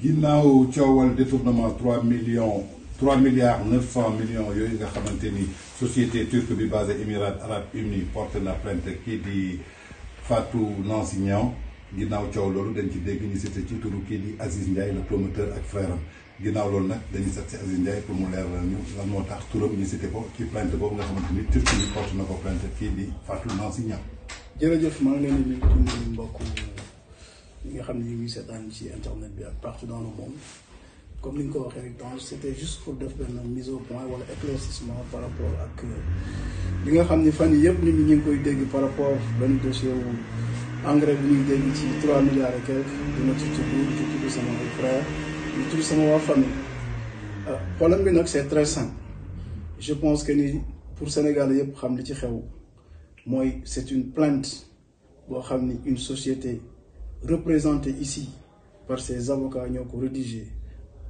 ginnaaw coowal détournement trois millions trois milliards neuf cent millions yooyu nga xamante ni société turque bi basée Émirats arabes unis porte na plainte kii di Fatou Nancy ginnaaw coow loolu dañ ci dégg ñu cité ci turu kii di Aziz Ndiaye le promoteur ak frère ginnaaw loolu nag dañuy seet si Aziz Ndiaye pour mu leeral ñu moo tax turam ñu cité ko ci plainte boobu nga xamante ni turque bi porte na ko plainte kii di Fatou Nancy Niang. jërëjëf ñi nga xam ne ñu ngi seetaan ci internet bi ak partout dans le monde comme ni nga ko waxee rek donc c'était juste pour def benn mise au point wala éclaircissement par rapport ak euh, li nga xam ni fan yii yëpp nit ñi ñu ngi koy dégg par rapport benn dossier wu engrais bi ñuy dégg ci trois milliards et quelques dina ci tudd ci tudd sama ay frère ñu tudd sama waa famille euh, problème bi nag c'est très simple je pense que ni pour Sénégal yëpp xam li ci xew mooy c'est une plainte boo xam ni une société représenté ici par ces avocats ñoo ko rédigé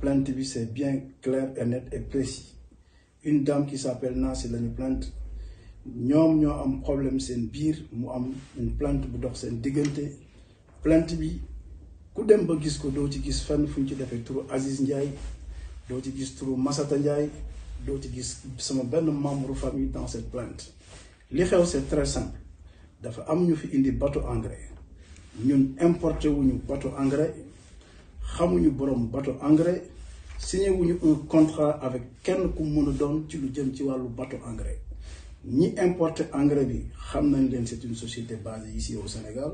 plante bi c'est bien clair et net et précis une dame qui s'appelle Nancy lañu plante ñoom ñoo am problème seen biir mu am une plainte bu dox seen diggante plante bi ku dem ba gis ko doo ci gis fenn fu ñu ci defee turu Aziz Ndiaye doo ci gis turu Massata Ndiaye doo ci gis sama benn membre famille dans cette plante li xew c'est très simple dafa am ñu fi indi bateau engrais ñun importé wuñu bateau engrais xamuñu borom bateau engrais signé wuñu contra avec kenn ku mën doon ci lu jëm ci wàllu bateau engrais ñi importé engrais bi xam nañ leen c'est une société basée si au Sénégal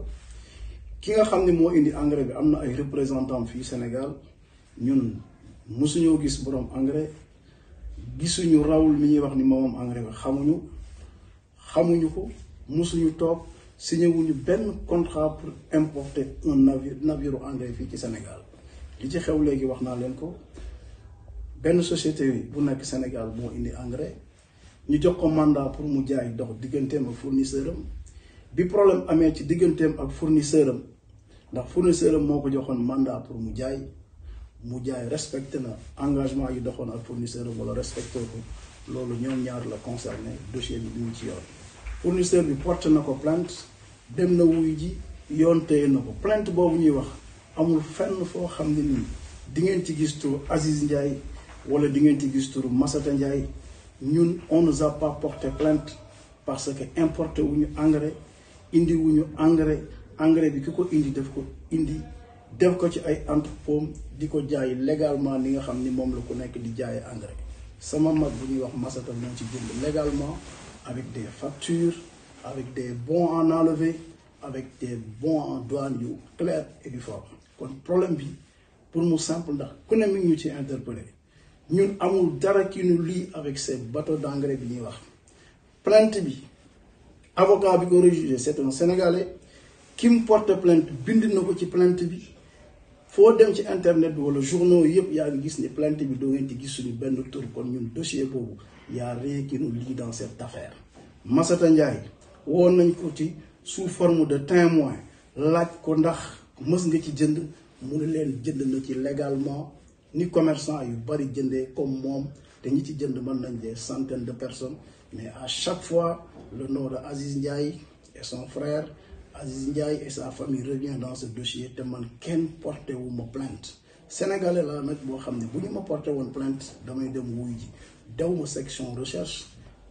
ki nga xam ne moo indi engrais bi am na ay représentants fii Sénégal ñun mosuñoo gis borom engrais gisuñu rawul mi ñuy wax ni moom engrais bi xamuñu xamuñu ko mosuñu toog. signé wuñu benn contrat pour importé un navire navire anglais fii ci Sénégal li ci xew léegi wax naa leen ko benn société bu nekk Sénégal moo indi engrais ñu jox ko mandat pour mu jaay dox digganteem ak fournisseur bi problème amee ci digganteem ak fournisseur am ndax fournisseur am moo ko joxoon mandat pour mu jaay mu jaay respecté na engagement yi doxoon ak fournisseur am wala respecté ko loolu ñoom ñaar la concerné dossier bi ñu ci yoon. fournisseur bi porte na ko plante dem na wuy ji yoon téye na ko plainte boobu ñuy wax amul fenn foo xam ne nii di ngeen ci gis turu Aziz Ndiaye wala di ngeen ci gis turu Massata Ndiaye ñun on nous a pas porté plainte parce que wu ñu engrais indi wuñu engrais engrais bi ki ko indi def ko indi def ko ci ay entrepôt di ko jaay légalement li nga xam ni moom la ku nekk di jaay engrais sama mag bu ñuy wax Massata moo ci jënd légalement avec des factures, avec des bons en enlevé avec des bons en douane yu clair et du fort kon problème bi pour mu simple ndax ku ne mi ñu ci interpellé ñun amul dara ki ñu lii avec ces bateaux d'engrais bi ñuy wax plainte bi avocat bi ko réjugé c'est un sénégalais ki mu porte plainte bind na ko ci plainte bi foo dem ci internet bi wala journaux yëpp yaa ngi gis ni plainte bi doo ngeen ci gis suñu benn tur kon ñun dossier boobu yaa rien qui nous lie dans cette affaire Massata Ndiaye woon nañ ko ci sous forme de témoin laaj ko ndax mës nga ci jënd mu ne leen jënd na ci légalement ni commerçant yu bari jëndee comme moom te ñi ci jënd mën nañ des centaines de personnes mais à chaque fois le nom de Aziz Ndiaye et son frère Aziz Ndiaye et sa famille revient dans ce dossier te man kenn porté wu ma plainte sénégalais la nag boo xam ne bu ñu ma porté woon plainte damay dem wuy ji dew ma section recherche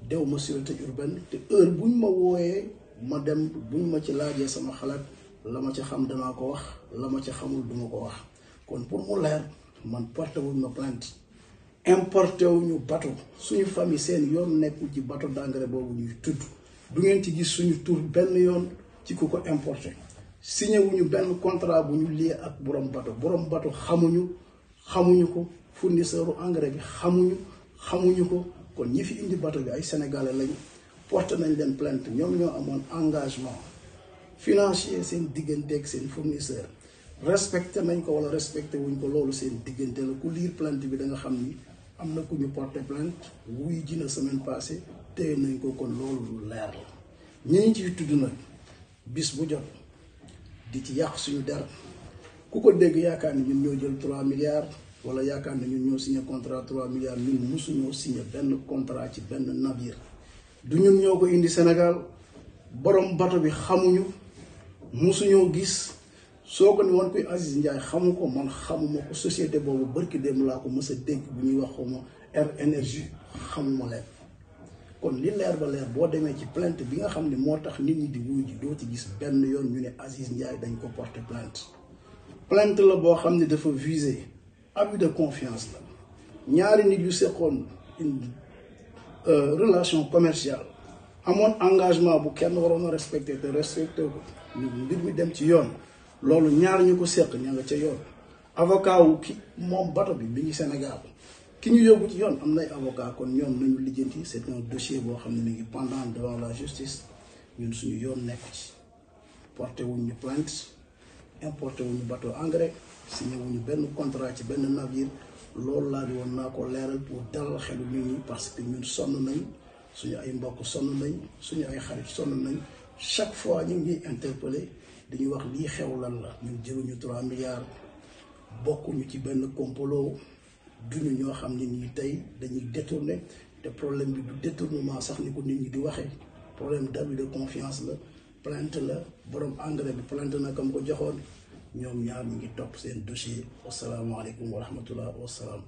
dew ma sûreté urbaine te heure bu ñu ma wooyee ma dem bu ñu ma ci laajee sama xalaat la ma ci xam damaa ko wax la ma ci xamul duma ko wax kon pour mu leer man porté wuñ ma plainte importé wu ñu bato suñu famille seen yoon nekku ci bato d'engrais boobu ñuy tudd du ngeen ci gis suñu tur benn yoon ci ku ko importé signé wuñu benn contrat bu ñu lii ak borom bato borom bato xamuñu xamuñu ko fournisseur engrais bi xamuñu xamuñu ko kon ñi fi indi bato bi ay sénégalais lañu porté nañ leen plant ñoom ñoo amoon engagement financier seen diggante ak seen fournisseur respecté nañ ko wala respecté wuñ ko loolu seen diggante la ku liir plainte bi da nga xam ni am na ku ñu porté plainte wuy ji na semaine passée te nañ ko kon loolu lu leer la ñi ñu ciy tudd bis bu jot di ci yàq suñu der ku ko dégg yaakaar ni ñun ñoo jël 3 milliards wala yaakaar ni ñun ñoo signé contrat 3 milliards ñun mosuñoo signé benn contrat ci benn navire du ñun ñoo ko indi Sénégal borom bato bi xamuñu mosuñoo gis soo ko ni woon koy Aziz Ndiaye xamu ko man xamuma ko société boobu bërki démb laa ko mës dégg bu ñuy wax xaw ma R énergie xamuma leen kon li leer ba leer boo demee ci plainte bi nga xam ne moo tax nit ñi di wuy ji doo ci gis benn yoon ñu ne Aziz Ndiaye dañ ko porté plainte plainte la boo xam ne dafa visé abus de confiance la ñaari nit yu seqoon une euh, relation commercial amoon engagement bu kenn waroon a respecté te respecté ko mbir mi dem ci yoon loolu ñaar ñu ko seq ña nga ca yoon avocat wu ki moom bato bi bi ngi Sénégal ki ñu yóbbu ci yoon am nay avocat kon ñoom nañu lijjanti c'est un dossier boo xam ne mi ngi pendant devant la justice ñun suñu yoon nekk ci porté wuñ ñu plainte importé wuñu bateau engrais signé wuñu benn contrat ci benn navire loolu laa di woon naa ko leeral pour dalal xelu nit ñi parce que ñun sonn nañ suñu ay mbokk sonn nañ suñu ay xarit sonn nañ chaque fois ñu ngi interpellé dañuy wax lii xew lan la ñun jëluñu 3 milliards bokkuñu ci benn complot duñu ñoo xam ne nii tey dañuy détourné te problème bi du détournement sax ni ko nit ñi di waxee problème d'abus de confiance la plainte la borom engrais bi plainte na kam ko joxoon ñoom ñaar ñu ngi topp seen dossier wasalaamaaleykum wa rahmatullah wasalaam